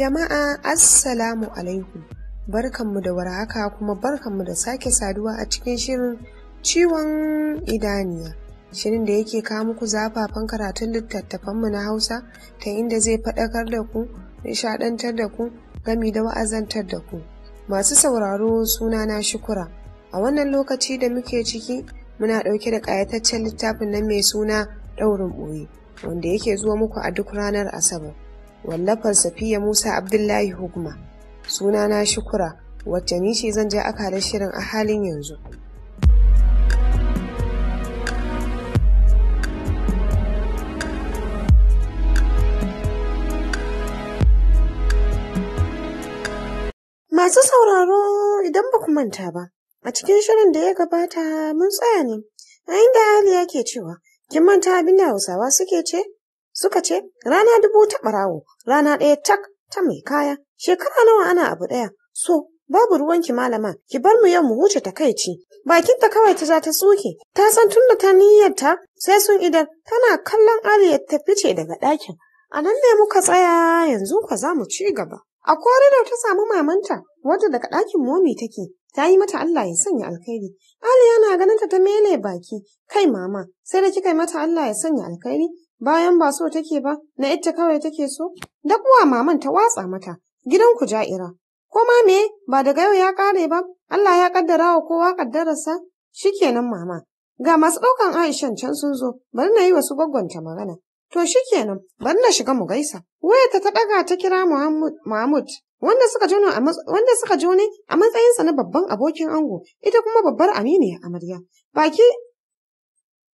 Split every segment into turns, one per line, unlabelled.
Jama'a Assalamu alaikum barkanmu da warhaka kuma barkanmu da sake saduwa a cikin shirin ciwon idaniya. Shirin da yake kawo muku zafafan karatun littattafanmu na Hausa ta inda zai faɗakar da ku, nishaɗantar da ku, gami da wa'azantar da ku. Masu sauraro suna na shukura. A wannan lokaci da muke ciki muna ɗauke da ƙayataccen littafin na mai suna ɗaurin ɓoye wanda yake zuwa muku a duk ranar Asabar. wallafar safiya musa abdullahi Hukuma, suna na shukura wacce nishi zan je da shirin a halin yanzu masu sauraro idan ba ku manta ba a cikin shirin da ya gabata mun tsaya ne a inda hali yake cewa kin manta abinda hausawa suke ce Suka ce, rana dubu ta ɓarawo, rana ɗaya tak ta mai kaya, shekara nawa ana abu ɗaya, so babu ruwanki malama, ki bar mu yau mu huce ta bakin Bakinta kawai ta za ta suke, ta san tun da ta niyyarta sai sun idan tana kallon ya ta fice daga ɗakin. A nan ne muka tsaya yanzu ka za mu ci gaba. A korinar ta samu mamanta wadda daga ɗakin momi take, ta yi mata Allah ya sanya alkhairi. Aliya na ganin ta ta mele baki, kai mama, sai da kika yi mata Allah ya sanya alkhairi, bayan ba so take ba na ita kawai take so wa maman ta watsa mata gidan ku ja'ira ko ma me ba daga yau ya ƙare ba Allah ya kaddara wa kowa kaddararsa shikenan mama ga masu ɗaukan Aishan can sun zo bari na yi wasu gwaggwanta magana to shikenan bari na shiga mu gaisa wayarta ta ɗaga ta kira Mahmud wanda suka jono a a matsayinsa na babban abokin ango ita kuma babbar aminiya amarya baki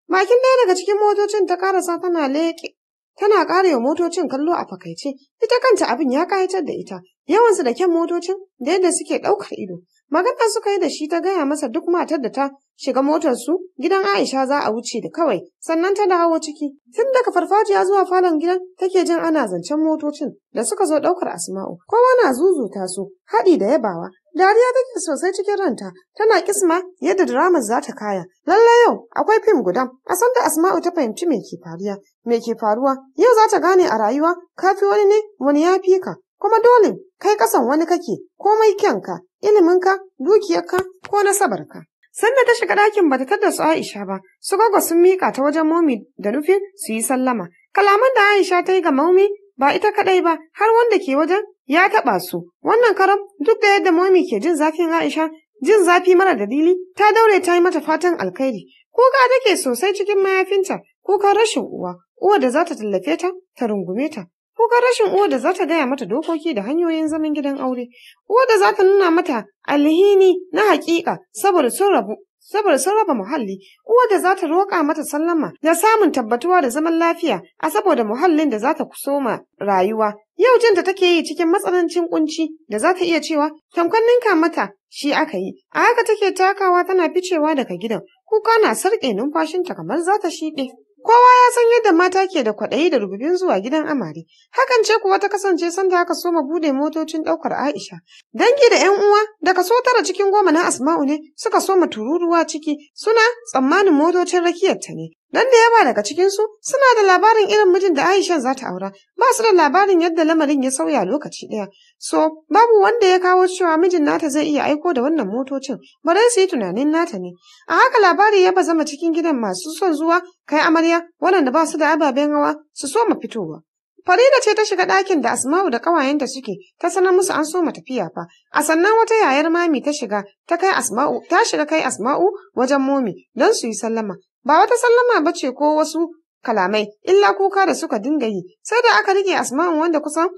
Makin ɗaya daga cikin motocin ta karasa tana leƙe. Tana ƙarewa motocin kallo a fakaice, ita kanta abin ya ƙayatar da ita, yawansu da kyan motocin da yadda suke ɗaukar ido. Magana suka yi da shi ta gaya masa duk matar da ta shiga motar su gidan Aisha za a wuce da kawai, sannan ta da dawo ciki. Tun daga farfajiya zuwa falon gidan take jin ana zancen motocin da suka zo ɗaukar Asma'u. Kowa na zuzuta su, haɗi da yabawa, Dariya take sosai cikin ranta, tana kisma yadda diramar za ta kaya. Lallai yau akwai fim guda, a san da Asma'u ta fahimci me ke faruwa, me ke faruwa. Yau za ta gane a rayuwa, Ka fi wani ne, wani ya fi ka. Kuma dole, kai kasan wani kake, komai kyanka, iliminka, dukiyarka ko nasabarka. Sanda ta shiga ɗakin bata tada su Aisha ba, su gwagwa sun miƙa ta wajen momi da nufin su yi sallama. Kalaman da Aisha ta yi ga momi ba ita kaɗai ba, har wanda ke wajen ya taɓa su wannan karam duk da yadda momi ke jin zafin aisha jin zafi mara dalili ta daure ta yi mata fatan alkhairi kuka take sosai cikin mayafinta kukan rashin uwa uwa da za ta tallafe ta ta rungume ta kukan rashin uwa da za ta gaya mata dokoki da hanyoyin zaman gidan aure uwa da za ta nuna mata alhini na haƙiƙa saboda sun rabu saboda sun raba muhalli uwa da za ta roƙa mata sallama da samun tabbatuwa da zaman lafiya a saboda muhallin da za ta kusoma rayuwa Yau jin da take yi cikin matsanancin kunci da za ta iya cewa tamkar ninka mata shi aka yi, a haka take takawa tana ficewa daga gidan, kuka na sarƙe numfashinta kamar za ta shiɗe. Kowa ya san yadda mata ke da kwaɗayi da rububin zuwa gidan amare. Hakan ce kuwa ta kasance sanda aka soma bude motocin ɗaukar Aisha. Dangi da ‘yan uwa da kaso tara cikin goma na Asma'u ne suka soma tururuwa ciki suna tsammanin motocin rakiyarta ne. Don da yawa daga cikinsu suna da labarin irin mijin da Aisha za ta aura, ba su da labarin yadda lamarin ya sauya lokaci ɗaya. So, babu wanda ya kawo cewa mijin nata zai iya aiko da wannan motocin, bari su yi tunanin nata ne. A haka labari ya zama cikin gidan masu son zuwa, kai amarya, waɗanda ba su da ababen hawa, su so ma fitowa. Farida ce ta shiga ɗakin da Asma'u da ƙawayenta suke, ta sanar musu an so tafiya fa. A sannan wata yayar mami ta shiga, ta kai Asma'u, ta shiga kai Asma'u wajen momi don su yi sallama. Ba wata sallama ba ce ko wasu kalamai, illa kuka da suka dinga yi, sai da aka rike asma'un wanda kusan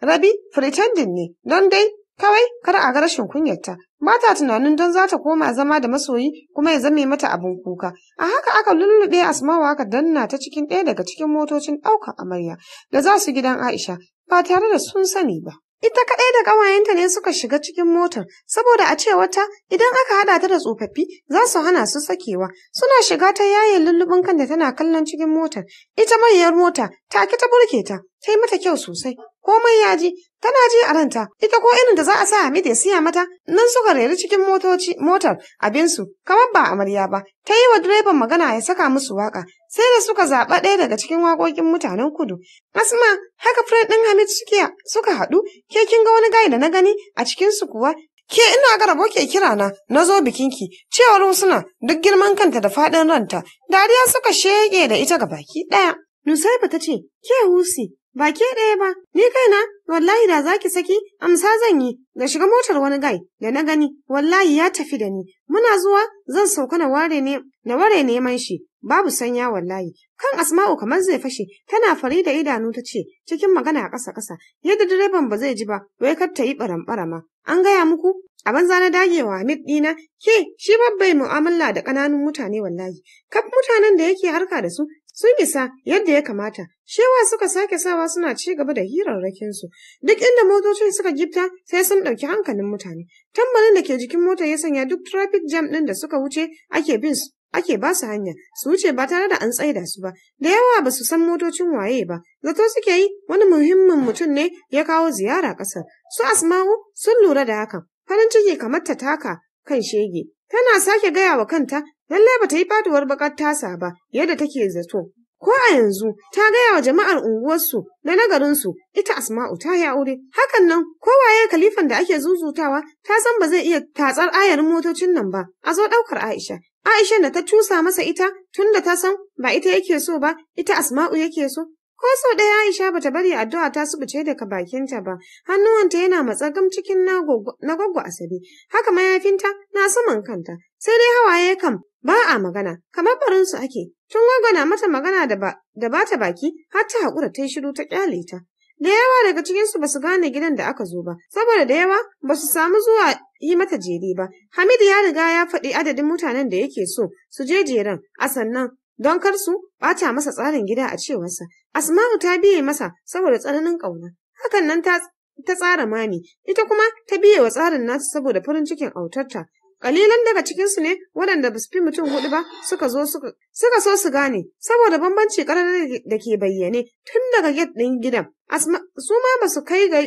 rabi pretending ne, don dai kawai kar a ga rashin kunyarta. Ba ta tunanin don za ta koma zama da masoyi kuma ya zame mata abin kuka. A haka aka lullube asma'u aka danna ta cikin ɗaya daga cikin motocin ɗaukar amarya da za su gidan Aisha ba tare da sun sani ba. Ita kaɗai da ƙawayenta ne suka shiga cikin motar, saboda a cewarta idan aka haɗa ta da tsofaffi za su hana su sakewa. Suna shiga ta yayin lullubin da tana kallon cikin motar. Ita manyan mota ta ki ta burke ta, ta yi mata kyau sosai. Komai ya ji, Tana ji a ranta, ita ko irin da za a sa Hamid ya siya mata, nan suka reri cikin motoci motar abinsu, kamar ba amarya ba, ta yi wa direban magana ya saka musu waka, sai da suka zaɓa ɗaya daga cikin waƙoƙin mutanen kudu. Asma, haka Fred ɗin Hamid suke suka haɗu, ke kin ga wani gayi da na gani a cikin su kuwa Ke ina ga rabo ke kira na, na zo bikinki, cewar suna duk girman kanta da faɗin ranta, dariya suka shege da ita ga baki ɗaya. nusaifa ta ce, ke husi, ba ke ɗaya ba, ni kaina wallahi da zaki saki amsa zan yi da shiga motar wani gai da na gani wallahi ya tafi da ni muna zuwa zan sauka na ware ne na ware neman shi babu sanya wallahi kan asma'u kamar zai fashe tana fari da idanu ta ce cikin magana a ƙasa ƙasa yadda direban ba zai ji ba wai kar ta yi baran barama an gaya muku a banza na dagewa mit ɗina ke shi babbai mu'amala da ƙananun mutane wallahi kaf mutanen da yake harka da su Sun isa yadda ya kamata, shewa suka sake sawa suna ci gaba da hirarrakinsu. Duk inda motocin suka gifta sai sun ɗauki hankalin mutane. tambalin da ke jikin mota ya sanya duk traffic jam ɗin da suka wuce ake bin su. Ake ba su hanya, su wuce ba tare da an tsaida su ba, da yawa ba su san motocin waye ba, zato suke yi wani muhimmin mutum ne ya kawo ziyara ƙasar. Su Asma'u sun lura da hakan, farin ciki kamar ta taka kan shege. Tana sake gaya wa kanta Lallai bata yi faduwar bakar tasa ba yadda take zato. Ko a yanzu ta gaya wa jama'ar unguwarsu na nagarinsu ita Asma'u ta yi aure. Hakan nan kowaye kalifan da ake zuzutawa ta san ba zai iya tatsar ayarin motocin nan ba. A zo ɗaukar Aisha. Aisha da ta cusa masa ita tun da ta san ba ita yake so ba ita Asma'u yake so. Ko sau ɗaya Aisha bata bari addu'a ta subuce daga bakinta ba, hannuwanta yana matsagam cikin na gwaggwa asabe, haka mayafinta na saman kanta, sai dai hawaye kam ba a magana, kamar barinsu ake, tun na mata magana da ba ta baki har ta haƙura ta yi shiru ta ƙyale ta. Da yawa daga cikinsu ba su gane gidan da aka zo ba, saboda da yawa ba su samu zuwa yi mata jere ba. Hamidu ya riga ya faɗi adadin mutanen da yake so su je jeren, a sannan don kar su ɓata masa tsarin gida a cewarsa. Asma'u ta biye masa saboda tsananin ƙauna. Hakan nan ta ta tsara mami, ita kuma ta biye wa tsarin nasu saboda farin cikin autarta. Kalilan daga cikinsu ne waɗanda ba su fi mutum hudu ba suka zo suka so su gane saboda bambanci ƙaranar da ke bayyane tun daga get ɗin gidan. Su ma ba su kai ga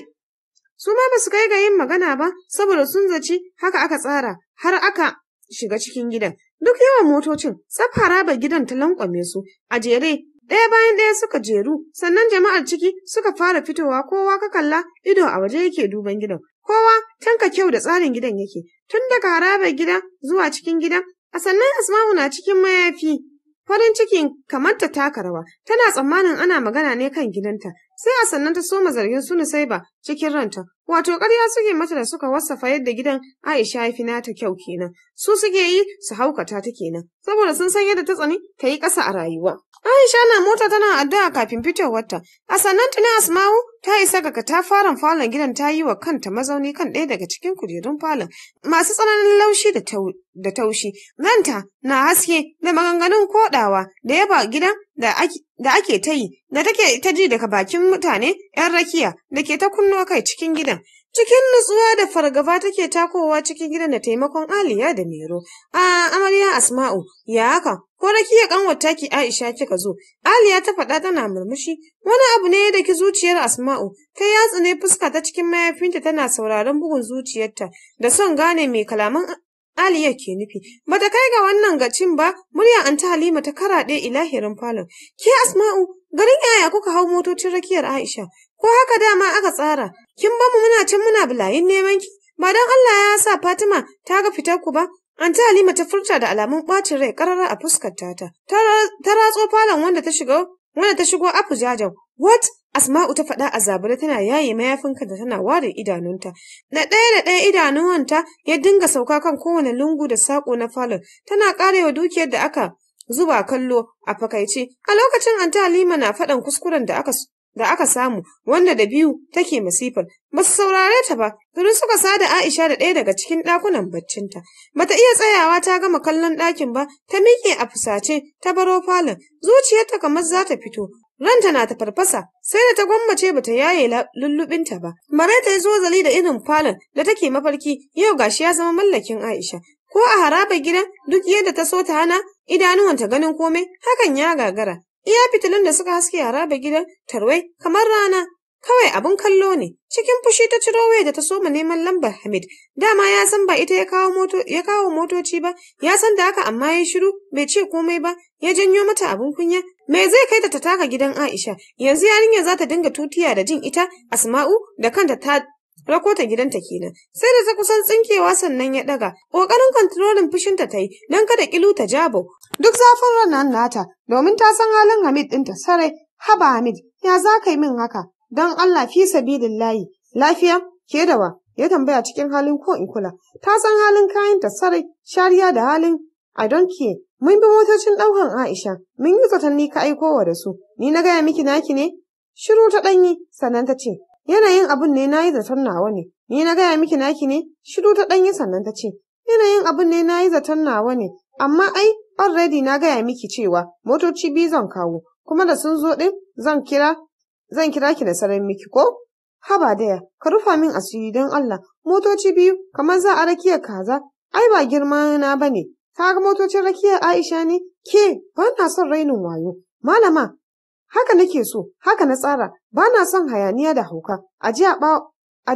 su ma ba su kai ga yin magana ba saboda sun zaci haka aka tsara har aka shiga cikin gidan. Duk yawan motocin tsaf haraba gidan ta lankwame su a jere ɗaya bayan ɗaya suka jeru sannan jama'ar ciki suka fara fitowa kowa ka kalla ido a waje yake duban gidan kowa tanka kyau da tsarin gidan yake, tun daga harabar gidan zuwa cikin gidan, a sannan Asma'u na cikin mayafi. Farin cikin kamar ta taka rawa, tana tsammanin ana magana ne kan gidanta, sai a sannan ta soma zargin su Nusaiba cikin ranta, Wato ƙarya suke mata da suka wasafa yadda gidan Aisha ya fi nata kyau kenan. Su suke yi su haukata ta kenan. Saboda sun san yadda ta tsani ta yi ƙasa a rayuwa. Aisha na mota tana addu'a kafin fitowarta. A sannan tuni Asma'u ta isa ga katafaren falon gidan ta yi wa kanta mazauni kan ɗaya daga cikin kujerun falon. Masu tsananin laushi da taushi. Zanta na haske da maganganun koɗawa da yaba gidan da ake da ake ta yi da take ta ji daga bakin mutane 'yan rakiya da ke ta kunno kai cikin gidan Cikin nutsuwa da fargaba take takowa cikin gidan da taimakon Aliya da Mero. A amarya Asma'u, ya haka, ko rakiya kanwata ki Aisha kika zo. Aliya ta faɗa tana murmushi, wani abu ne da ki zuciyar Asma'u, kai ya ne fuska ta cikin mayafinta tana sauraron bugun zuciyarta da son gane mai kalaman Aliya yake nufi, Bata kai ga wannan gacin ba, murya an ta Halima ta karaɗe ilahirin falon. Ke Asma'u, garin yaya kuka hau motocin rakiyar Aisha, ko haka dama aka tsara, kin ba mu muna can muna bulayin neman ki, ba don Allah ya sa Fatima ta ga fitar ku ba, An ta Halima ta furta da alamun ɓacin rai ƙarara a fuskar tata. Ta ratso falon wanda ta shigo, wanda ta What? Asma'u ta faɗa a zabare tana yaye mayafinka da tana ware idanunta. na ɗaya da ɗaya idanuwanta ya dinga sauka kan kowane lungu da saƙo na falon, tana ƙarewa dukiyar da aka zuba kallo a fakaice. A lokacin ta Halima na faɗan kuskuren da aka da aka samu wanda da biyu take masifar ba su saurare ta ba tuni suka sada Aisha da ɗaya daga cikin ɗakunan baccinta bata iya tsayawa ta gama kallon ɗakin ba ta miƙe a fusace ta baro falon zuciyarta kamar za ta fito Ranta na ta farfasa, sai da ta gwammace bata yaye lullubinta ba. ta ya zo zali da irin falon da take mafarki yau gashi ya zama mallakin Aisha. Ko a harabar gidan duk yadda ta so ta hana idanuwanta ganin komai hakan ya gagara. Iya fitilun da suka haske harabar gidan tarwai kamar rana. Kawai abin kallo ne, cikin fushi ta ciro waya da ta soma neman lambar Hamid. Dama ya san ba ita ya kawo motoci ba, ya san da haka amma ya shiru bai ce komai ba, ya janyo mata abin kunya Me zai kai ta ta taka gidan Aisha? Yanzu yarinyar za ta dinga tutiya da jin ita Asma'u da kanta ta rako ta gidanta kenan. Sai da ta kusan tsinkewa sannan ya daga. Kokarin kontrolin fushinta ta yi don kada kilu ta jabo. Duk zafin ranar nata domin ta san halin Hamid ɗinta sarai. Haba Hamid, ya za ka yi min haka? Don Allah fi sabilillahi. Lafiya? Ke da wa? Ya tambaya cikin halin ko in kula. Ta san halin kayanta sarai, shariya da halin I don't care. Mun bi motocin ɗaukan Aisha, mun yi zatanni ka aiko wa da su, ni na gaya miki naki ne? Shiru ta ɗanyi, sannan ta ce, yanayin abun ne na yi zaton nawa ne, ni na gaya miki naki ne? Shiru ta ɗanyi sannan ta ce, yanayin abun ne na yi zaton nawa ne, amma ai, already na gaya miki cewa motoci biyu zan kawo, kuma da sun zo ɗin zan kira, zan kira ki da saran miki ko? Haba daya, ka rufa min asiri don Allah, motoci biyu kamar za a rakiya kaza, ai ba girma na ba ne. ka ga motocin rakiyar Aisha ne? Ke, ba na son rainin wayo. Malama, haka nake so, haka na tsara, ba na son hayaniya da hauka, a ji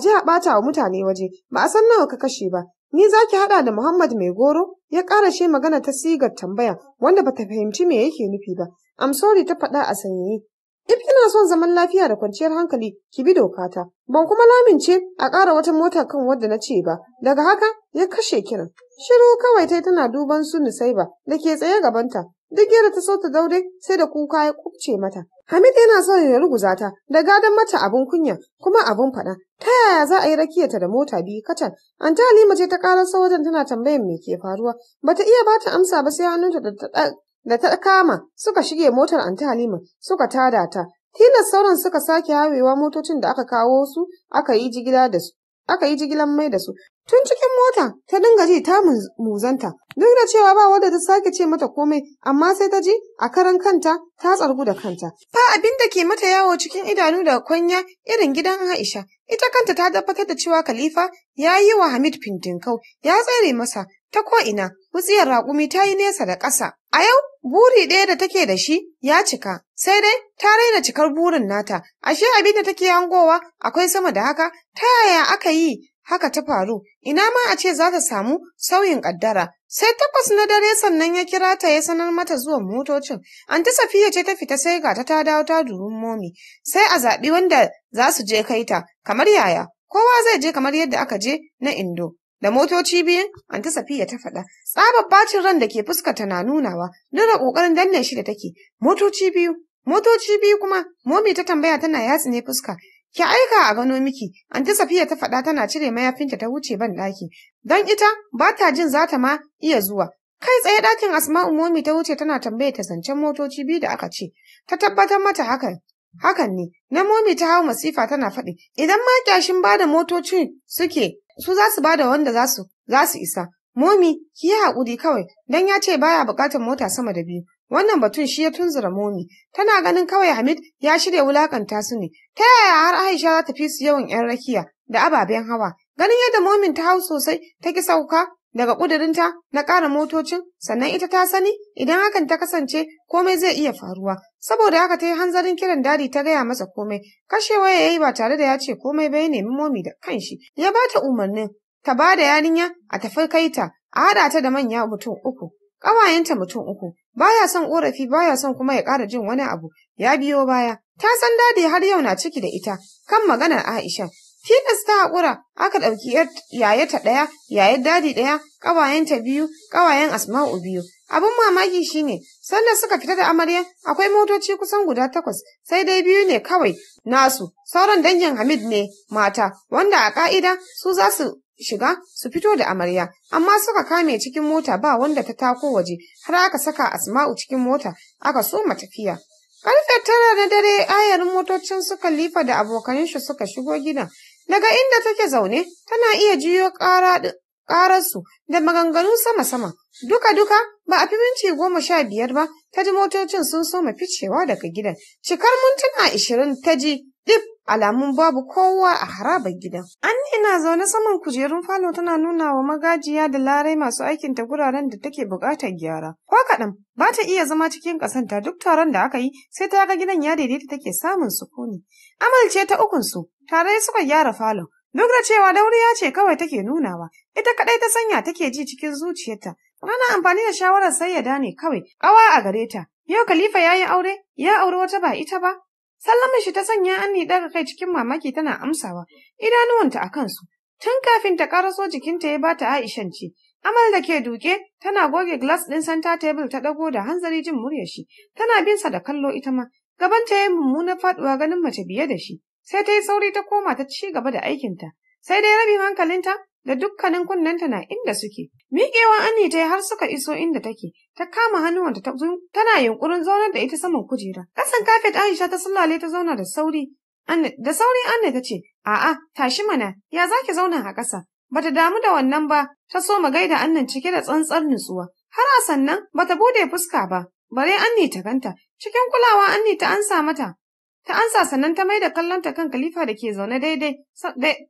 a ɓata wa mutane waje, ba a san nawa ka kashe ba. Ni za ki haɗa da Muhammad mai goro ya ƙara shi magana ta sigar tambaya wanda ba ta fahimci me yake nufi ba. Amsori ta faɗa a sanyi If kina son zaman lafiya da kwanciyar hankali, ki bi dokata. Ban kuma lamince a ƙara wata mota kan wadda na ce ba. Daga haka ya kashe kiran. Shiru kawai tai tana duban su Nusaiba da ke tsaye gabanta. Duk yadda ta so ta daure sai da kuka ya kubce mata. Hamid yana son ya ruguza ta da gadon mata abun kunya kuma abun faɗa. Ta yaya za a yi rakiyata da mota biyu kacan? Anta Halima ce ta ƙara sa wajen tana tambayan me ke faruwa. Bata iya bata amsa ba sai hannunta da ta da ta kama suka shige motar anti Halima suka tada ta. Tilas sauran suka sake hawewa motocin da aka kawo su aka yi jigila da su. Aka yi jigilan mai da su. Tun cikin mota ta dinga ji ta muzanta. Duk da cewa ba wadda ta sake ce mata komai amma sai ta ji a karan kanta ta tsargu da kanta. Ba abin da ke mata yawo cikin idanu da kwanya irin gidan Aisha. Ita kanta ta tabbatar da cewa Khalifa ya yi wa Hamid kau, ya tsere masa ta ko ina wutsiyar raƙumi ta yi nesa da ƙasa. A yau buri ɗaya da take da shi ya cika, sai dai ta raina cikar burin nata, ashe abin da take hangowa akwai sama da haka, ta yaya aka yi haka ta faru, ina ma a ce za ta samu sauyin ƙaddara. Sai takwas na dare sannan ya kira ta ya sanar mata zuwan motocin, anti Safiya ce ta fita sai ga ta ta dawo ta durun momi, sai a zaɓi wanda za su je kai ta, kamar yaya, kowa zai je kamar yadda aka je na Indo. Da motoci biyu? Anta Safiya ta faɗa, tsabar bacin ran da ke fuskata na nunawa, nuna ƙoƙarin danne shi da take, motoci biyu, motoci biyu kuma, momi ta tambaya tana yatsi ne fuska, ki aika a gano miki, Anta Safiya ta faɗa tana cire mayafinta ta wuce ban ɗaki, don ita ba ta jin za ta ma iya zuwa. Kai tsaye ɗakin Asma'u momi ta wuce tana tambaya ta zancen motoci biyu da aka ce, ta tabbatar mata hakan. Hakan ne, na momi ta hau masifa tana faɗi, idan ma kyashin ba da motoci suke su za su ba da wanda za su za su isa momi ki yi haƙuri kawai don ya ce baya buƙatar mota sama da biyu wannan batun shi ya tunzura momi tana ganin kawai hamid ya shirya wulakanta su ne ta yaya har aisha za ta fi su yawan yan rakiya da ababen hawa ganin yadda momin ta hau sosai ta ki sauka daga ƙudurinta na ƙara motocin sannan ita ta sani idan hakan ta kasance komai zai iya faruwa saboda haka ta yi hanzarin kiran dadi ta gaya masa komai kashewa ya yi ba tare da ya ce komai ba ya nemi momi da kanshi ya ba ta umarnin ta ba da yarinya a tafi kai ta a haɗa ta da manya mutum uku ƙawayenta mutum uku baya son ƙorafi baya son kuma ya ƙara jin wani abu ya biyo baya ta san dadi har yau na ciki da ita kan maganar Aisha Tilas ta haƙura, aka ɗauki yayata ɗaya, yayar dadi ɗaya, ƙawayenta biyu, ƙawayen Asma'u biyu. Abin mamaki shine, sanda suka fita da amarya, akwai motoci kusan guda takwas, sai dai biyu ne kawai nasu, sauran dangin Hamid ne mata, wanda a ƙa'ida su za su shiga su fito da amarya amma suka kame cikin mota ba wanda ta tako waje har aka saka asma'u cikin mota aka soma tafiya karfe tara na dare ayarin motocin suka lifa da abokanin shi suka shigo gidan Daga inda take zaune, tana iya jiyo ƙararsu da maganganu sama-sama. Duka-duka ba a fi minti goma sha biyar ba, ta ji motocin sun soma ficewa daga gidan. Cikar mintuna ashirin ta ji dip alamun babu kowa a harabar gidan. An ina zaune saman kujerun falo tana nuna wa magajiya da larai masu aikin ta guraren da take buƙatar gyara. Ko kaɗan ba ta iya zama cikin ƙasanta duk taron da aka yi sai ta ga gidan ya daidaita take samun sukuni. amalce ce ta ukunsu tare suka gyara falon. Duk da cewa dauriya ce kawai take nunawa, ita kaɗai ta sanya take ji cikin zuciyarta. rana amfani da shawarar sayyada ne kawai, ƙawa a gare ta. Yau Khalifa ya yi aure, ya auri wata ba ita ba. Sallamin shi ta sanya Anni daga kai cikin mamaki tana amsawa, idanuwanta a kansu. Tun kafin ta karaso jikinta ya bata Aishan ce, Amal da ke duke tana goge glass ɗin santa table ta ɗago da hanzari jin murya shi, tana binsa da kallo ita ma, gabanta ta yi mummunar faɗuwa ganin mace biye da shi. sai ta yi sauri ta koma ta ci gaba da aikinta, sai dai rabin hankalinta da dukkanin kunnenta na inda suke. Miƙewa anni ta yi har suka iso inda take, ta kama hannuwanta ta tana yunƙurin zaunar da ita saman kujera. Ƙasan kafet Aisha ta sallale ta zauna da sauri. Da sauri Anne ta ce, A'a, tashi mana, ya za ki zauna a ƙasa? Bata damu da wannan ba, ta so gaida Annan cike da tsantsar nutsuwa. Har a sannan bata bude fuska ba, bare anni ta ganta, cikin kulawa anni ta ansa mata, Ta ansa sannan ta mai da kallonta kan Khalifa da ke zaune daidai,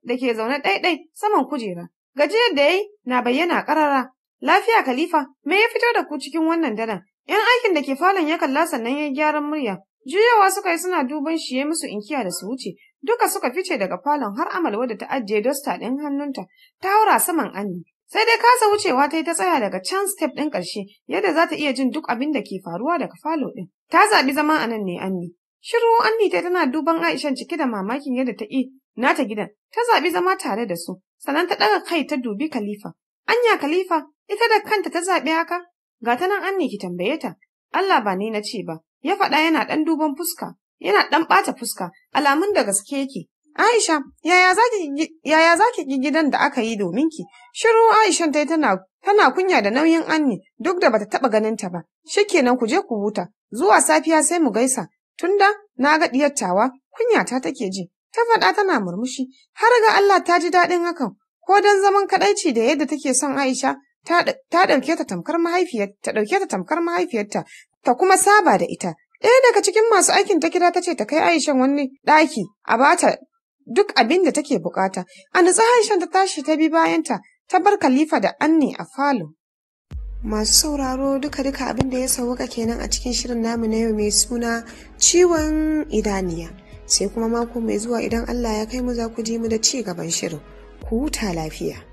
da ke zaune daidai saman kujera. Gajiyar da ya yi na bayyana ƙarara. Lafiya Khalifa, me ya fito da ku cikin wannan daren? ‘Yan aikin da ke falon ya kalla sannan ya gyaran murya. Juyawa suka yi suna duban shi ya musu inkiya da su wuce. Duka suka fice daga falon har amalwa da ta ajiye dosta ɗin hannunta, ta haura saman Anni. Sai dai kasa wucewa ta yi ta tsaya daga can step ɗin ƙarshe, yadda za ta iya jin duk abin da ke faruwa daga falo ɗin. Ta zaɓi zama a nan ne Anni, Shiru Anni ta tana duban Aisha cike da mamakin yadda ta yi nata gidan, ta zabi zama tare da su, sannan ta ɗaga kai ta dubi Khalifa. Anya Khalifa, ita da kanta ta zaɓi haka? Ga ta nan Anni ki tambaye ta, Allah ba ni na ce ba, ya faɗa yana ɗan duban fuska, yana ɗan ɓata fuska, alamun da gaske yake. Aisha, yaya za ki gidan da aka yi domin ki? Shiru Aishan tai tana tana kunya da nauyin Anni duk da bata taba ganin ta ba. Shikenan ku je ku huta. Zuwa safiya sai mu gaisa. Tunda na ga ɗiyar kunyata take ji, ta faɗa tana murmushi, har ga Allah ta ji daɗin hakan, ko don zaman kaɗaici da yadda take son Aisha ta ɗauke ta tamkar mahaifiyarta ta kuma saba da ita. Ɗaya daga cikin masu aikin ta kira ta ce ta kai Aisha wani ɗaki a bata duk abin da take bukata. A nutsa Aisha ta tashi ta bi bayanta ta bar Khalifa da Anne a falo. masu sauraro duka-duka abin da ya sauka kenan a cikin shirin namu na yau mai suna ciwon idaniya sai kuma mako mai zuwa idan allah ya kai mu za ku ji mu da ci gaban shirin ku huta lafiya